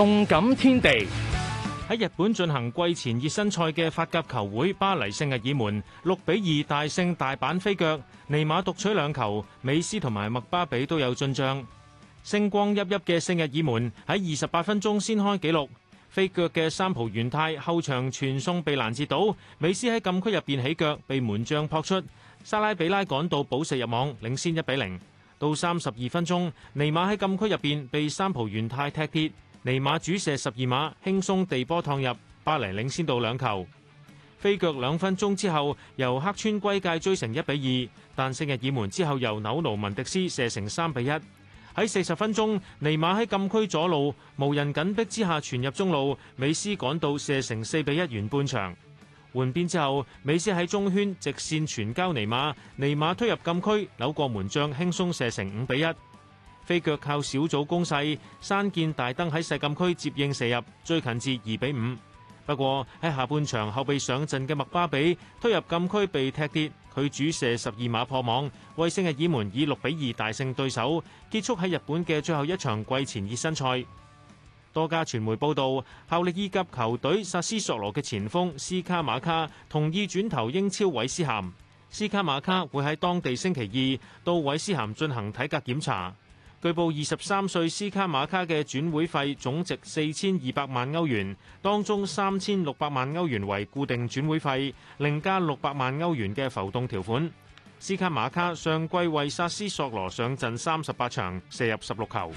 動感天地，喺日本進行季前熱身賽嘅法甲球會巴黎聖日耳門六比二大勝大阪飛腳，尼馬獨取兩球，美斯同埋麥巴比都有進賬。星光熠熠嘅聖日耳門喺二十八分鐘先開紀錄，飛腳嘅三浦元泰後場傳送被攔截到，美斯喺禁區入邊起腳被門將撲出，沙拉比拉趕到補射入網，領先一比零。到三十二分鐘，尼馬喺禁區入邊被三浦元泰踢跌。尼馬主射十二碼，輕鬆地波趟入，巴黎領先到兩球。飛腳兩分鐘之後，由黑川龜介追成一比二，但聖日耳門之後由紐奴文迪斯射成三比一。喺四十分鐘，尼馬喺禁區左路無人緊迫之下傳入中路，美斯趕到射成四比一完半場。換邊之後，美斯喺中圈直線傳交尼馬，尼馬推入禁區，扭過門將，輕鬆射成五比一。飛腳靠小組攻勢，山健大登喺細禁區接應射入，追近至二比五。不過喺下半場後備上陣嘅麥巴比推入禁區被踢跌，佢主射十二碼破網，為聖日耳門以六比二大勝對手，結束喺日本嘅最後一場季前熱身賽。多家傳媒報道，效力意甲球隊薩斯索羅嘅前鋒斯卡馬卡同意轉投英超韋斯咸。斯卡馬卡會喺當地星期二到韋斯咸進行體格檢查。據報，二十三歲斯卡馬卡嘅轉會費總值四千二百萬歐元，當中三千六百萬歐元為固定轉會費，另加六百萬歐元嘅浮動條款。斯卡馬卡上季為薩斯索羅上陣三十八場，射入十六球。